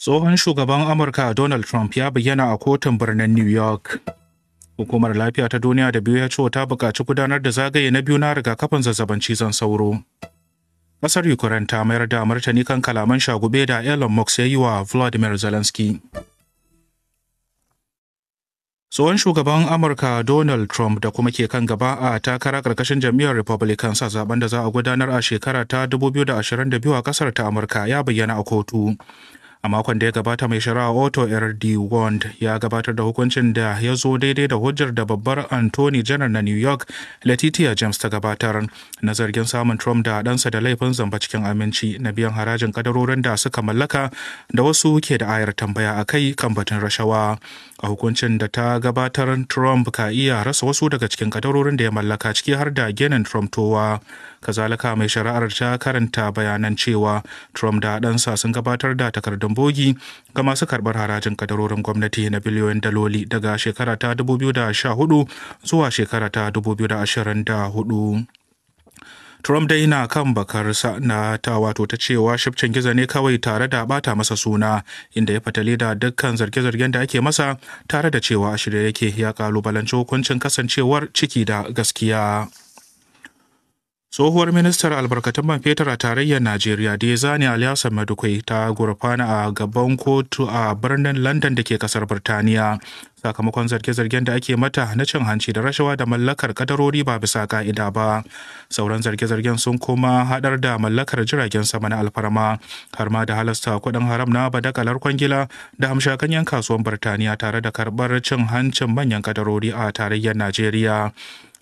Tsohon shugaban Amurka Donald Trump ya bayyana a kotun birnin New York. Hukumar Lafiya ta Duniya da biyu ya ce ta buƙaci gudanar da zagaye na biyu na rigakafin zazzabin cizon sauro. Ƙasar Ukraine ta mayar da martani kan kalaman shagube da Elon Musk ya yi wa Vladimir Zelensky. Tsohon shugaban Amurka Donald Trump da kuma ke kan gaba a takara ƙarƙashin jam'iyyar Republican, sa zaben da za a gudanar a shekara ta 2022 a ƙasar ta Amurka ya bayyana a kotu. a makon da ya gabata mai shari'a otto rd wand ya gabatar da hukuncin da ya zo daidai da hujjar da babbar anthony janar na new york letitia james ta gabatar na zargin samun trump da ɗansa da laifin zamba cikin aminci na biyan harajin kadarorin da suka mallaka da wasu ke da ayar tambaya a kai kan batun rashawa a hukuncin da ta gabatar trump ka iya rasa wasu daga cikin kadarorin da ya mallaka ciki har da genin trump towa kazalika mai shari'ar ta karanta bayanan cewa trump da ɗansa sun gabatar da takardun bogi ga masu karɓar harajin kadarorin gwamnati na biliyoyin daloli daga shekara ta 2014 zuwa shekara ta 2024 Trump dai na kan bakarsa na ta wato ta cewa shifcin gizo ne kawai tare da bata masa suna inda ya fatale da dukkan zarge-zargen da ake masa tare da cewa a yake ya kalubalanci hukuncin kasancewar ciki da gaskiya. Tsohuwar ministar albarkatun man fetur a tarayyar Najeriya da zane Aliyasa Madukwai ta gurfana a gaban kotu a birnin London da ke kasar Birtaniya sakamakon zarge-zargen da ake mata na cin hanci da rashawa da mallakar kadarori ba bisa ka'ida ba. Sauran zarge-zargen sun kuma haɗar da mallakar jiragen sama na alfarma har ma da halasta kuɗin haram na badakalar kwangila da hamshakan 'yan kasuwan Birtaniya tare da karɓar cin hancin manyan kadarori a tarayyar Najeriya.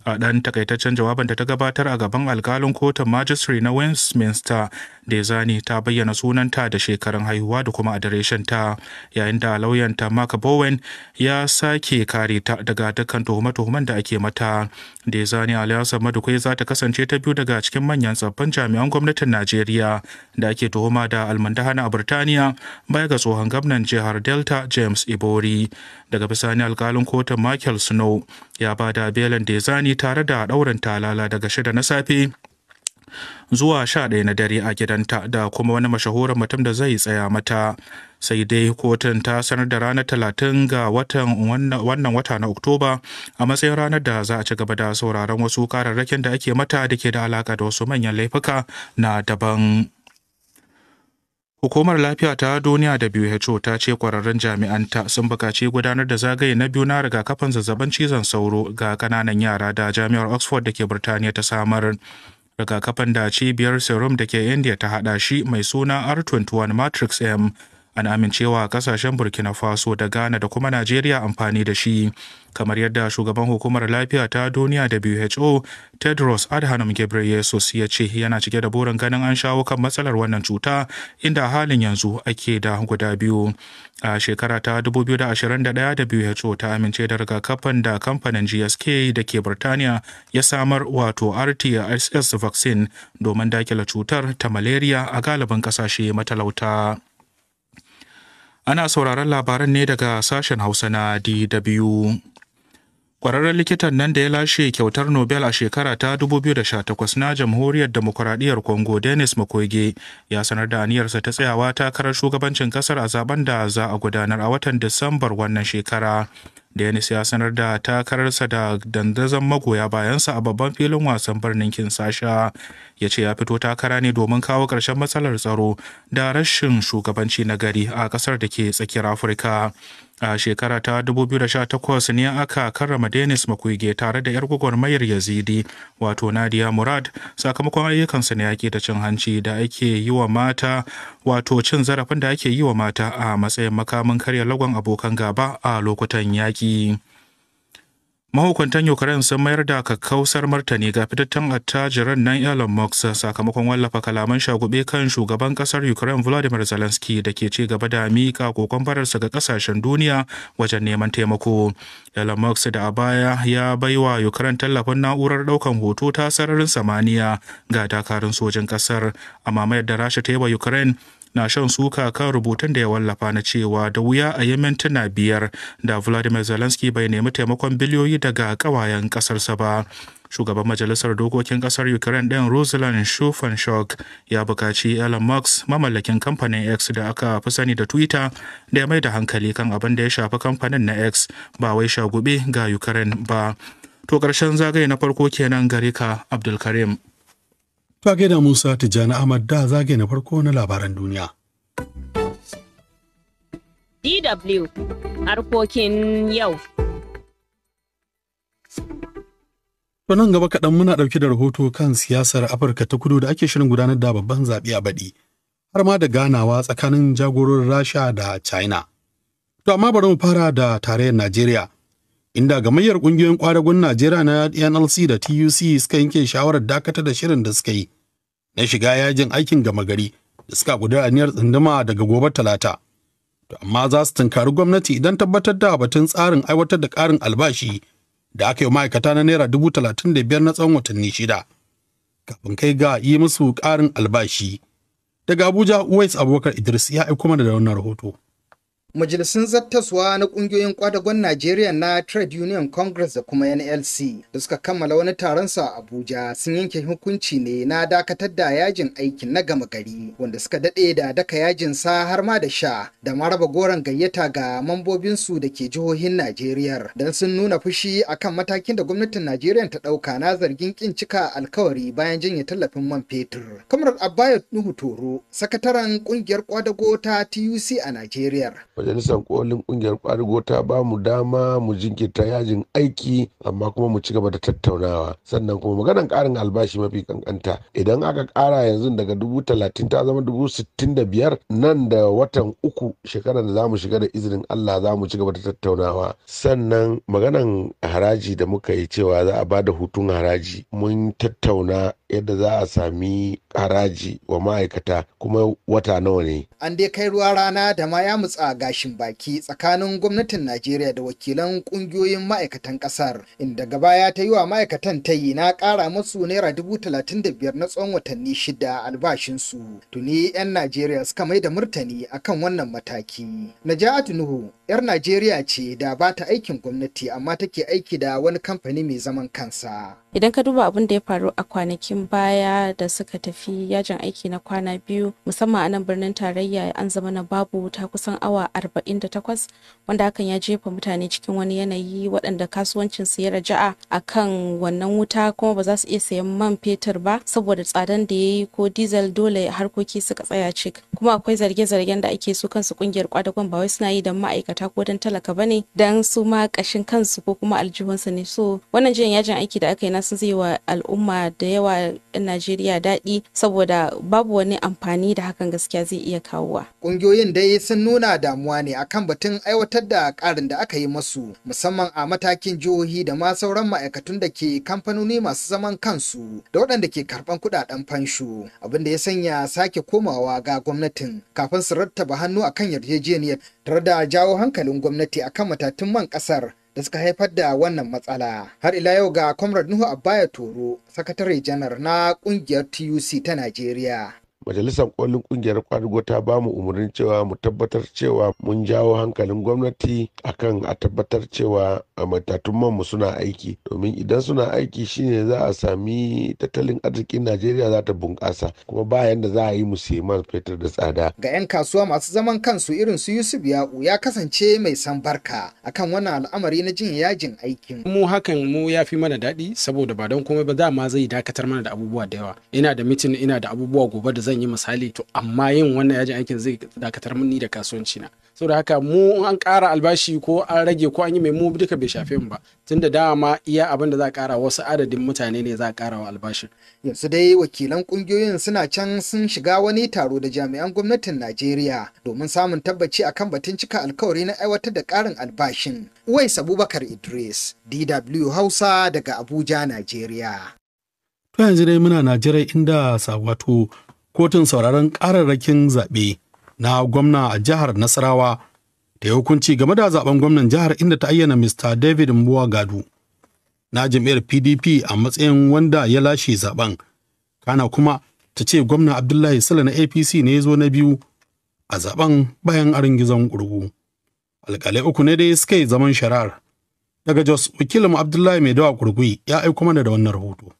a ɗan takaitaccen jawabin da ta gabatar a gaban alkalin kotun majistri na westminster Dezani ta bayyana sunanta da shekarun haihuwa da kuma adireshinta yayin da lauyanta Mark Bowen ya sake kare ta daga dukkan tuhume-tuhumen da ake mata. Dezani Aliyasa madukai za ta kasance ta biyu daga cikin manyan tsaffin jami'an gwamnatin Najeriya da ake tuhuma da almandahana a Birtaniya baya ga tsohon gwamnan jihar Delta James Ibori. Daga bisani alkalin kotun Michael Snow ya ba da belin Dezani tare da ɗaurin talala daga shida na safe zuwa sha ɗaya na dare a gidanta da kuma wani mashahuran mutum da zai tsaya mata sai dai kotun ta sanar da ranar talatin ga wannan wata na oktoba a matsayin ranar da za a ci gaba da sauraron wasu kararrakin da ake mata da ke da alaka da wasu manyan laifuka na daban. Hukumar Lafiya ta Duniya da WHO ta ce kwararrun jami'anta sun buƙaci gudanar da zagaye na biyu na rigakafin zazzabin cizon sauro ga ƙananan yara da jami'ar Oxford da ke Birtaniya ta samar. rigakafin da cibiyar serum da ke india ta hada shi mai suna r21 matrix m an amincewa kasashen burkina faso da ghana da kuma najeriya amfani da shi kamar yadda shugaban hukumar lafiya ta duniya WHO Tedros Adhanom Ghebreyesus ya ce yana cike da burin ganin an shawo kan matsalar wannan cuta inda halin yanzu ake da guda biyu. A shekara ta 2021 WHO ta amince da rigakafin da kamfanin GSK da ke burtaniya ya samar wato RTSS vaccine domin dakila cutar ta malaria a galibin kasashe matalauta. Ana sauraron labaran ne daga sashen Hausa na DW. Ƙwararren likitan nan da ya lashe kyautar Nobel a shekara ta 2018 na Jamhuriyar Demokuraɗiyyar Congo Denis Makoge ya sanar da aniyarsa ta tsayawa takarar shugabancin ƙasar a zaben da za a gudanar a watan Disambar wannan shekara. Denis ya sanar da takararsa da dandazon magoya bayansa a babban filin wasan birnin Kinsasha. Ya ce ya fito takara ne domin kawo ƙarshen matsalar tsaro da rashin shugabanci na gari a ƙasar da ke tsakiyar Afirka. a shekara ta 2018 ne aka karrama Dennis makuige tare da 'yar gwagwarmayar yazidi wato nadia murad sakamakon ayyukansa na yaƙi da cin hanci da ake yi wa mata wato cin zarafin da ake yi wa mata a matsayin makamin karya lagon abokan gaba a lokutan yaƙi mahukuntan ukraine sun mayar da kakkausar martani ga fitattun attajiran nan elon musk sakamakon wallafa kalaman shagube kan shugaban kasar ukraine vladimir zelensky da ke ci gaba da miƙa kokon fararsa ga kasashen duniya wajen neman taimako elon musk da a baya ya bai wa ukraine tallafin na'urar ɗaukan hoto ta sararin samaniya ga dakarun sojin kasar amma mayar da rasha ta yi wa ukraine na shan suka kan rubutun da ya wallafa na cewa da wuya a yi mintuna biyar da vladimir zelensky bai nemi taimakon biliyoyi daga kawayen kasarsa ba shugaban majalisar dokokin kasar ukraine ɗin rosalind shufenshock ya bukaci elon musk mamallakin kamfanin x da aka fi sani da twitter da ya mai da hankali kan abin da ya shafi kamfanin na x ba wai shagube ga ukraine ba to ƙarshen zagaye na farko kenan gare ka abdulkarim Ta da Musa Tijjani Ahmad da zage na farko na labaran duniya. DW harkokin yau. To nan gaba kaɗan muna ɗauke da rahoto kan siyasar Afirka ta kudu da ake shirin gudanar da babban zaɓe a baɗi, har ma da ganawa tsakanin jagororin Rasha da China. To amma bari mu fara da tarayyar Najeriya, inda gamayyar kungiyoyin kwadagun Najeriya na NLC da TUC suka yanke shawarar dakatar da shirin da suka yi na shiga yajin aikin gama gari da suka guda aniyar tsunduma daga gobe talata. To amma za su tunkari gwamnati idan tabbatar da batun tsarin aiwatar da ƙarin albashi da aka yi ma'aikata na naira dubu talatin da biyar na tsawon watanni shida. Kafin kai ga yi musu ƙarin albashi. Daga Abuja, Uwais Abubakar Idris ya aiko mana da wannan rahoto. Majalisun zattaswa na ƙungiyoyin kwadagon Najeriya na Trade Union Congress da kuma NLC da suka kammala wani taron su a Abuja sun yanke hukunci ne na dakatar da yajin aikin na gama gari wanda suka dade da daka yajin sa har ma da sha da ma raba goron gayyata ga mambobinsu da ke jihohin Najeriya dan sun nuna fushi akan matakin da gwamnatin Najeriya ta ɗauka na zargin kin cika alkawari bayan janye tallafin man fetur. Kamar Abbayo Nuhu Toro, sakataren ƙungiyar kwadago ta TUC a Najeriya majalisar kolin kungiyar kwarigo ta ba mu dama mu jinkirta yajin aiki amma kuma mu ci gaba da tattaunawa sannan kuma maganar karin albashi mafi kankanta idan aka kara yanzu daga dubu talatin ta zama dubu sittin da biyar nan da watan uku shekarar da za mu shiga da izinin allah za mu ci gaba da tattaunawa sannan maganan haraji da muka yi cewa za a ba da hutun haraji mun tattauna yadda za a sami haraji wa ma'aikata kuma wata nawa ne. An dai kai ruwa rana da ma ya mutsa gashin baki tsakanin gwamnatin Najeriya da wakilan kungiyoyin ma'aikatan kasar inda gaba ya ta yi wa ma'aikatan ta yi na kara musu naira dubu talatin da biyar na tsawon watanni shida albashinsu. Tuni 'yan Najeriya suka mai da murtani akan wannan mataki. Naja'atu Nuhu 'yar Najeriya ce da ba ta aikin gwamnati amma take aiki da wani kamfani mai zaman kansa. Idan ka duba abin da ya faru a kwanakin kwanakin baya da suka tafi yajin aiki na kwana biyu musamman a nan birnin tarayya an zama na babu wuta kusan awa 48 wanda hakan ya jefa mutane cikin wani yanayi waɗanda kasuwancin su ya raja'a kan wannan wuta kuma ba za su iya sayan man fetur ba saboda tsadan da ya yi ko diesel dole harkoki suka tsaya cik kuma akwai zarge-zargen da ake so kansu kungiyar kwadagon ba wai suna yi don ma'aikata ko don talaka bane dan su ma kashin kansu ko kuma aljihunsu ne so wannan jiyan yajin aiki da aka yi na sun zai wa al'umma da yawa ma Najeriya daɗi saboda babu wani amfani da hakan gaskiya zai iya kawowa. Ƙungiyoyin dai sun nuna damuwa ne akan batun aiwatar da ƙarin da aka yi masu musamman a matakin jihohi da ma sauran ma'aikatun da ke kamfanoni masu zaman kansu da waɗanda ke karɓan kuɗaɗen fansho abin da ya sanya sake komawa ga gwamnatin kafin su rattaba hannu akan yarjejeniyar tare da jawo hankalin gwamnati akan matatun man ƙasar da suka haifar da wannan matsala. Har ila yau ga Comrade Nuhu Abaya Toro, sakatare janar na kungiyar TUC ta Najeriya. majalisar kwallon kungiyar kwadugo ta ba mu umarnin cewa mu tabbatar cewa mun jawo hankalin gwamnati akan a tabbatar cewa matatun manmu suna aiki domin idan suna aiki shine za a sami tattalin arzikin najeriya za ta bunƙasa kuma bayan da za a yi mu man fetur da tsada ga 'yan kasuwa masu zaman kansu irin su yusuf ya'u ya kasance mai san barka akan wannan al'amari na jin yajin aikin mu hakan mu ya fi mana daɗi saboda ba don komai ba ma zai dakatar mana da abubuwa da yawa ina da mitin ina da abubuwa gobe da zan zan yi misali to amma yin wannan yajin aikin zai dakatar mini da kasuwanci na saboda haka mu an kara albashi ko an rage ko an yi mai mu duka bai shafe mu ba tunda dama iya abin da za a ƙara wasu adadin mutane ne za a ƙara wa albashi. yanzu dai wakilan kungiyoyin suna can sun shiga wani taro da jami'an gwamnatin Najeriya domin samun tabbaci akan batun cika alkawari na aiwatar da ƙarin albashin Uwais Abubakar Idris DW Hausa daga Abuja Najeriya to yanzu dai muna Najeriya inda wato kotun sauraron ƙararrakin zaɓe na gwamna a jihar Nasarawa da hukunci game da zaben gwamnan jihar inda ta ayyana Mr. David Mbuwa Gadu na jam'iyyar PDP a matsayin wanda ya lashe zaben. Kana kuma ta ce gwamna Abdullahi Sala na APC ne ya zo na biyu a zaben bayan gizon ƙurgu. Alƙalai uku ne dai suka yi zaman shari'ar. Daga Jos, wakilin Abdullahi Mai Dawa Kurgui ya aiko mana da wannan rahoto.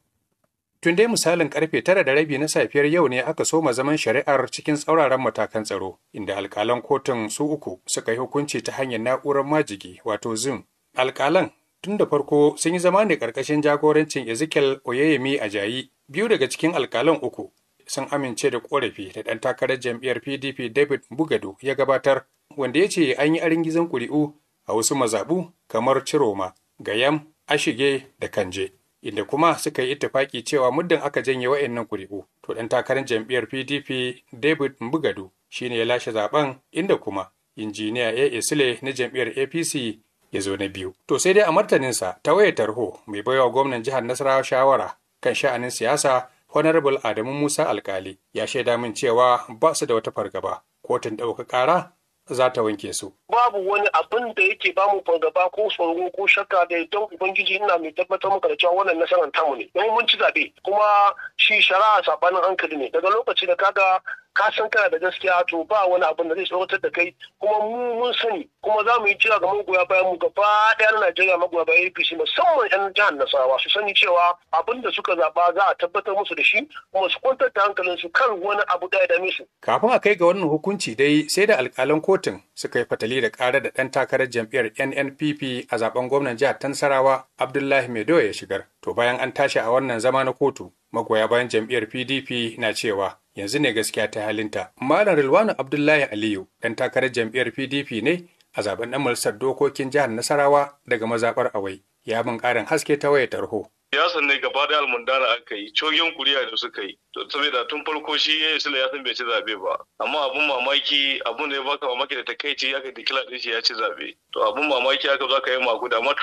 Tun dai misalin karfe tara da rabi na safiyar yau ne aka soma zaman shari'ar cikin tsauraran matakan tsaro, inda alkalan kotun su uku suka yi hukunci ta hanyar na'urar majigi wato Zoom. Alkalan tun da farko sun yi zama ne karkashin jagorancin Ezekiel Oyeyemi jayi, Biyu daga cikin alkalan uku sun amince da ƙorafi, da ɗan takarar jam'iyyar PDP David Bugado ya gabatar, wanda ya ce an yi arin aringizan ƙuri'u a wasu mazaɓu kamar Ciroma, Gayam, Ashige da Kanje. inda kuma suka yi ittifaki cewa muddin aka janye wa'annan kuri'u to dan takarar jam'iyyar PDP David Mbugadu shine ya lashe zaben inda kuma injiniya A.A. Sule na jam'iyyar APC ya zo na biyu. To sai dai a martaninsa ta waya tarho mai baiwa gwamnan jihar Nasarawa shawara kan sha'anin siyasa Honorable Adamu Musa Alkali ya shaida min cewa ba su da wata fargaba. Kotun ɗauka ƙara za ta wanke su. Babu wani abin da yake bamu fargaba ko tsoro ko shakka da don Ubangiji ina mai tabbatar maka da cewa wannan nasarar tamu ne. Domin mun ci zaɓe kuma shi shari'a sabanin hankali ne daga lokaci da kaga ka san kana da gaskiya to ba wani abin da zai tsoratar da kai kuma mu mun sani kuma za mu yi kira ga magoya bayan mu gaba ɗaya na Najeriya magoya bayan APC musamman 'yan jihar Nasarawa su sani cewa abin da suka zaba za a tabbatar musu da shi kuma su kwantar da su kan wani abu da ya dame su. Kafin a kai ga wannan hukunci dai sai da alƙalan kotun suka yi fatali da ƙara da ɗan takarar jam'iyyar NNPP a zaben gwamnan jihar Tansarawa Abdullahi Maido ya shigar. To bayan an tashi a wannan zama na kotu magoya bayan jam'iyyar PDP na cewa yanzu ne gaskiya ta halinta. Malam Rilwanu Abdullahi Aliyu ɗan takarar jam'iyyar PDP ne a zaben ɗan majalisar dokokin jihar Nasarawa daga mazaɓar Awai. Ya bin ƙarin haske ta waya tarho. san ne gaba da almundana aka yi, cogen kuriya da suka yi. Saboda tun farko shi ya yi sula ya san bai ci zaɓe ba. Amma abun mamaki abun da ya baka mamaki da takaici aka dikila ɗin shi ya ci zaɓe. To abun mamaki aka za ka yi maku da na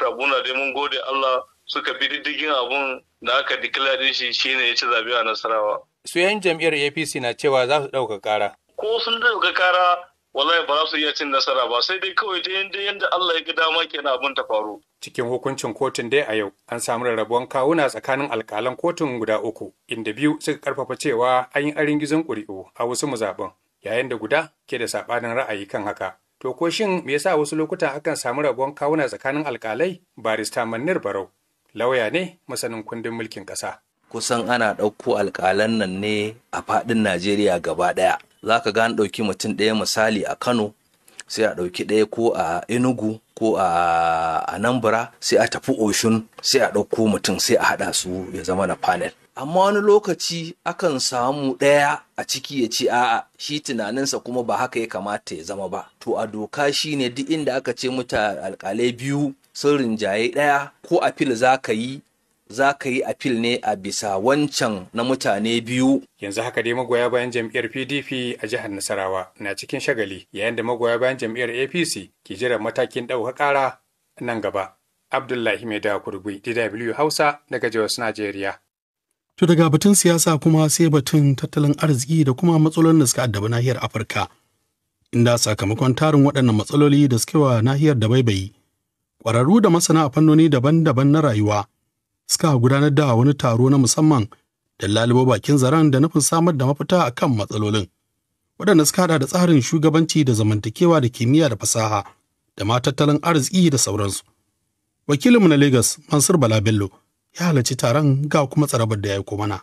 dai mun gode Allah suka bi diddigin abun da aka declare shi shine ya ci zabe a Nasarawa. Su yan jam'iyyar APC na cewa za su ɗauka kara Ko sun ɗauka ƙara wallahi ba za su iya cin nasara ba sai dai kawai ta yanda yanda Allah ya ga dama kenan abin ta faru. Cikin hukuncin kotun dai a yau an samu rarrabuwan kawuna tsakanin alƙalan kotun guda uku inda biyu suka karfafa cewa an yi arin gizon ƙuri'u a wasu mazaɓin yayin da guda ke da saɓanin ra'ayi kan haka. To ko shin me yasa wasu lokutan akan samu rabuwan kawuna tsakanin alƙalai barista Manir Barau lauya ne masanin kundin mulkin ƙasa. Kusan ana ɗauko alƙalan nan ne a faɗin Najeriya gaba ɗaya. Za ka gane ɗauki mutum ɗaya misali a Kano, sai a ɗauki ɗaya ko a Enugu ko a Anambra, sai a tafi Oshun, sai a ɗauko mutum sai a haɗa su ya zama na panel. amma wani lokaci akan samu ɗaya a ciki ya ce a'a shi tunaninsa kuma ba haka ya kamata ya zama ba to a doka shi ne duk inda aka ce muta alƙalai biyu sun rinjaye ɗaya ko apil za ka yi za ka yi apil ne a bisa wancan na mutane biyu. Yanzu haka dai magoya bayan jam'iyyar PDP a jihar Nasarawa na cikin shagali yayin da magoya bayan jam'iyyar APC ke jiran matakin ɗauka ƙara nan gaba. Abdullahi da Kurgui, DW Hausa daga Jos Najeriya. To daga batun siyasa kuma sai batun tattalin arziki da kuma matsalolin da suka addaba nahiyar Afirka. Inda sakamakon tarin waɗannan matsaloli da suke wa nahiyar da baibayi ƙwararru da masana a fannoni daban-daban na rayuwa suka gudanar da wani taro na musamman da lalubo bakin zaren da nufin samar da mafita a kan matsalolin waɗanda suka haɗa da tsarin shugabanci da zamantakewa da kimiyya da fasaha da ma tattalin arziki da sauransu wakilinmu na Legas, mansur bala bello ya halarci taron ga kuma tsarabar da ya aiko mana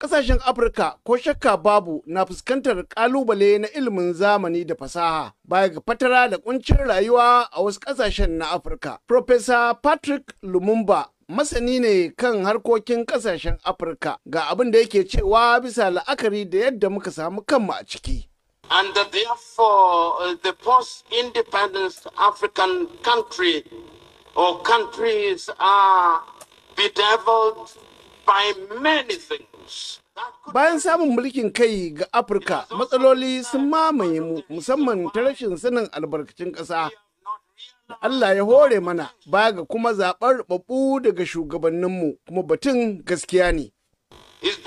Ƙasashen Afirka ko shakka babu na fuskantar ƙalubale na ilimin zamani da fasaha baya ga fatara da kuncin rayuwa a wasu ƙasashen na Afirka. Profesa Patrick Lumumba masani ne kan harkokin ƙasashen Afirka ga abin da yake cewa bisa la'akari da yadda muka samu kanmu a ciki. And therefore, uh, the post-independence African country or countries are bedeviled by many things. Bayan samun mulkin kai ga Afirka, matsaloli sun mamaye mu musamman ta rashin sanin albarkacin ƙasa. Allah ya hore mana ba ga kuma zaɓar babu daga shugabanninmu kuma batun gaskiya ne. Is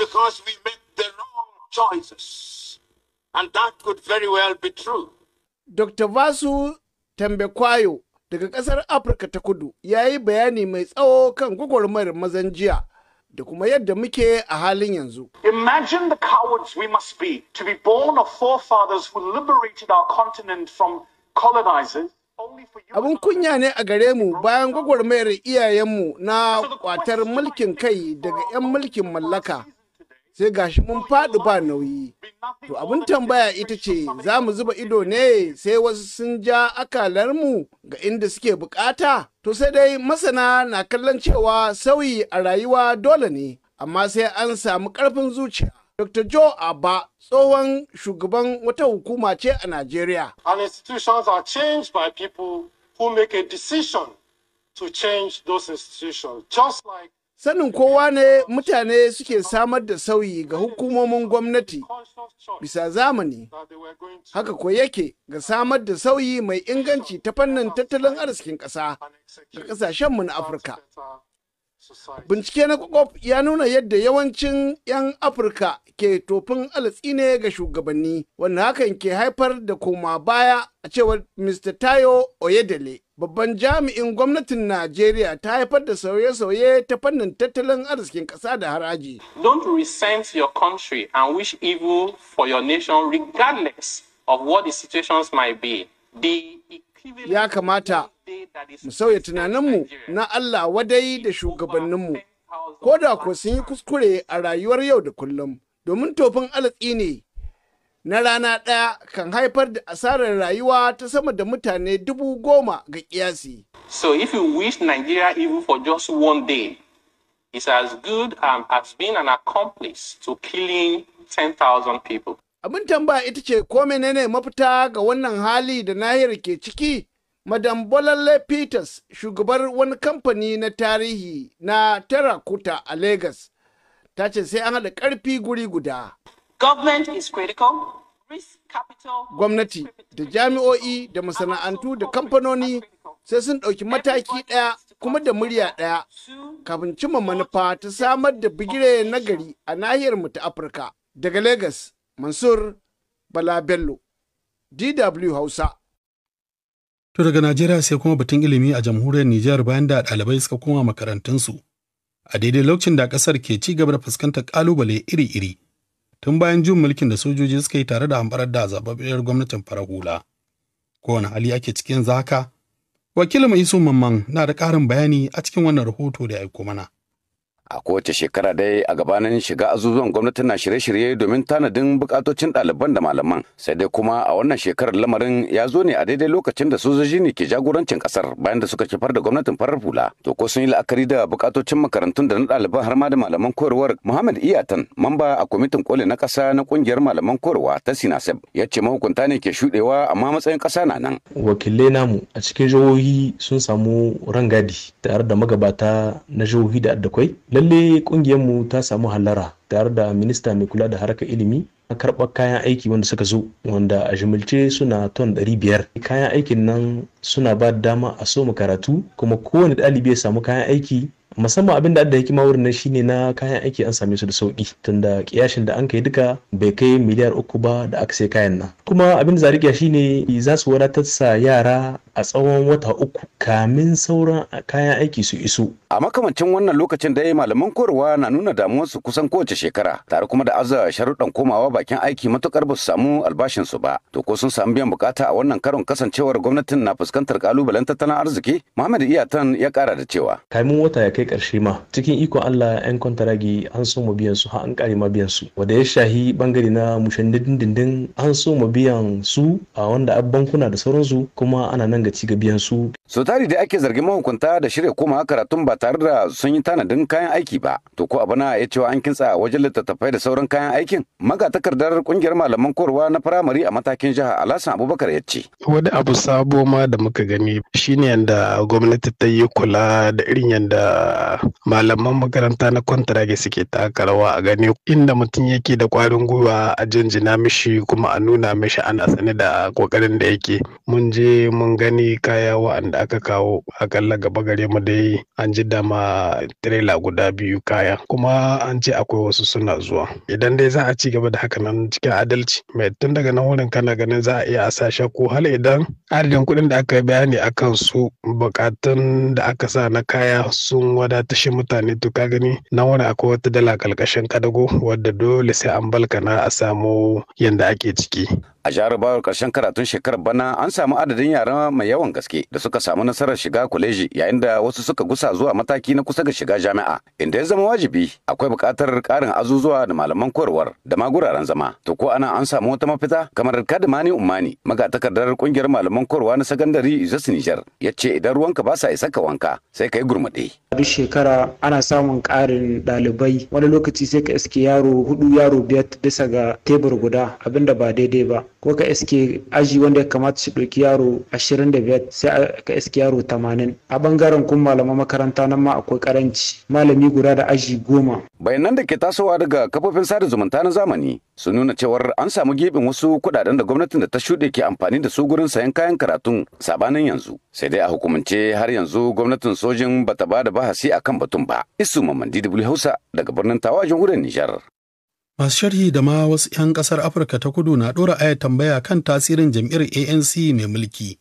Dr. Vasu Tambekwayo daga ƙasar Afirka ta Kudu ya yi bayani mai tsawo kan gwagwarmayar mazan jiya. da kuma yadda muke a halin yanzu. Imagine the cowards we must be to be born of forefathers who liberated our continent from colonizers. Abin kunya ne a gare mu bayan gwagwarmayar iyayenmu na kwatar mulkin kai daga 'yan mulkin mallaka, sai gashi mun faɗi ba nauyi. To abin tambaya ita ce za mu zuba ido ne sai wasu sun ja akalarmu ga inda suke bukata? To sai dai masana na kallon cewa sauyi a rayuwa dole ne, amma sai an samu ƙarfin zuciya. Dr. Joe Abba tsohon shugaban wata hukuma ce a Najeriya. And institutions are changed by people who make a decision to change those institutions, just like Sanin kowa ne mutane suke samar da sauyi ga hukumomin gwamnati bisa zamani, haka ko yake ga samar da sauyi mai inganci ta fannin tattalin arzikin ƙasa ga ƙasashenmu na Afirka. Bincike na Kwakwaf ya nuna yadda yawancin 'yan Afirka ke tofin alatsi ne ga shugabanni, wanda hakan ke haifar da koma baya a cewar Mr. Tayo Oyedele. Babban jami'in gwamnatin Najeriya ta haifar da sauye-sauye ta fannin tattalin arzikin ƙasa da haraji. Don't resent your country and wish evil for your nation regardless of what the situations might be. The ya kamata mu sauya tunaninmu na Allah wadai da shugabanninmu, ko da ko sun yi kuskure a rayuwar yau da kullum, domin tofin alatsi ne na rana ɗaya kan haifar da asarar rayuwa ta sama da mutane dubu goma ga ƙiyasi. So if you wish Nigeria evil for just one day, it's as good um, as being an accomplice to killing 10,000 people. Abin tambaya ita ce ko menene mafita ga wannan hali da nahiyar ke ciki? Madam Bolalle Peters, shugabar wani kamfani na tarihi na Terracotta a Legas, ta ce sai an haɗa ƙarfi guri guda. Gwamnati da jami'o'i da masana'antu da kamfanoni sai sun ɗauki mataki ɗaya kuma da murya ɗaya kafin cimma manufa ta samar da bigire nagari a nahiyar mu ta Afirka. Daga Legas. Mansur Bala Bello, DW Hausa. To daga Najeriya sai kuma batun ilimi a jamhuriyar Nijar bayan da ɗalibai suka koma makarantunsu. A daidai lokacin da ƙasar ke ci gaba da fuskantar ƙalubale iri-iri tun bayan jin mulkin da sojoji suka yi tare da hambarar da zababbiyar gwamnatin farar hula. Kowane hali ake cikin zaka. Wakilin Isu Mamman na da ƙarin bayani a cikin wannan rahoto da ya aiko mana. a kowace shekara dai a gabanin shiga azuzuwan gwamnati na shirye-shirye domin tanadin bukatocin ɗaliban da malaman sai dai kuma a wannan shekarar lamarin ya zo ne a daidai lokacin da sojoji ne ke jagorancin kasar bayan da suka kifar da gwamnatin farar hula to ko sun yi la'akari da bukatocin makarantun da na ɗaliban har ma da malaman koyarwar muhammad iyatan mamba a kwamitin koli na ƙasa na ƙungiyar malaman koyarwa ta sinasab ya ce mahukunta ne ke shuɗewa amma matsayin ƙasa na nan wakilai namu a cikin jihohi sun samu rangadi tare da magabata na jihohi da addakwai lalle mu ta samu halara tare da minista mai kula da harkar ilimi na karɓar kayan aiki wanda suka zo wanda a jimilce suna ton 500 kayan aikin nan suna ba da dama a soma karatu kuma kowane ɗalibi ya samu kayan aiki musamman abin da da hikima wurin nan shine na kayan aiki an same su da sauki tunda kiyashin da an kai duka bai kai miliyar uku ba da aka sai kayan nan kuma abin da zariƙiya shine za su wadatar sa yara a tsawon wata uku kamin sauran kayan aiki su iso. A makamancin wannan lokacin yi malaman koyarwa na nuna damuwarsu kusan kowace shekara tare kuma da aza sharuɗan komawa bakin aiki matuƙar ba su samu albashinsu ba. To ko sun samu biyan bukata a wannan karon kasancewar gwamnatin na fuskantar kalubalen tattalin arziki? Muhammad Iyatan ya kara da cewa. Kamin wata ya kai ƙarshe ma cikin iko Allah 'yan kwantaragi an so mu biyan su har an ƙare ma biyan su. Wanda ya shahi bangare na mushandin dindindin an so mu biyan su a wanda bankuna da sauransu kuma ana nan da cigabiyan su. so da ake zargin mahukunta da shirya koma karatun ba tare da sun yi tanadin kayan aiki ba to ko abana ya cewa an kintsa wajen littattafai da sauran kayan aikin magatakardar kungiyar malaman korwa na firamare a matakin jiha alhassan abubakar ya ce. wani abu sabo ma da muka gani shine yadda gwamnati ta yi kula da irin yadda malaman makaranta na kwantarage suke taka rawa a gani inda mutum yake da kwarin gwiwa a jinjina mishi kuma a nuna mishi ana sane da kokarin da yake mun je mun gani wani kaya wa'anda aka kawo akalla gaba gare mu dai an ji dama tirela guda biyu kaya kuma an ce akwai wasu suna zuwa idan dai za a ci gaba da haka nan cikin adalci mai tun daga nan wurin kana ganin za a iya a sa ko hal idan adadin kuɗin da aka bayani kan su bukatun da aka sa na kaya sun wadatashi mutane to ka gani na wani akwai wata dala kalkashin kadago wadda dole sai an balkana a samu yadda ake ciki A jarabawar karshen karatun shekarar bana an samu adadin yara mai yawan gaske da suka samu nasarar shiga kwaleji yayin da wasu suka gusa zuwa mataki na kusa ga shiga jami'a. Inda ya zama wajibi akwai buƙatar ƙarin azuzuwa da malaman koyarwar da ma guraren zama. To ko ana an samu wata mafita kamar Kadimani Ummani magatakardar kungiyar malaman koyarwa na sakandare Izas Nijar ya ce idan ruwanka ba sa isa ka wanka sai ka yi gurmuɗe. Duk shekara ana samun ƙarin dalibai wani lokaci sai ka iske yaro hudu yaro biyar bisa ga tebur guda abinda ba daidai ba ko ka iske aji wanda ya kamata su ɗauki yaro 25 sai ka iske yaro 80 a bangaren kun malaman makaranta nan ma akwai karanci malami guda da aji goma bayanan da ke tasowa daga kafofin sada zumunta na zamani su nuna cewar an samu gibin wasu kudaden da gwamnatin da ta shuɗe ke amfani da su gurin sayan kayan karatun sabanin yanzu sai dai a hukumance har yanzu gwamnatin sojin bata ba da bahasi akan batun ba isu mamandi da hausa daga birnin tawa wurin nijar masu sharhi da ma wasu 'yan kasar afirka ta kudu na ɗora aya tambaya kan tasirin jam'iyyar anc mai mulki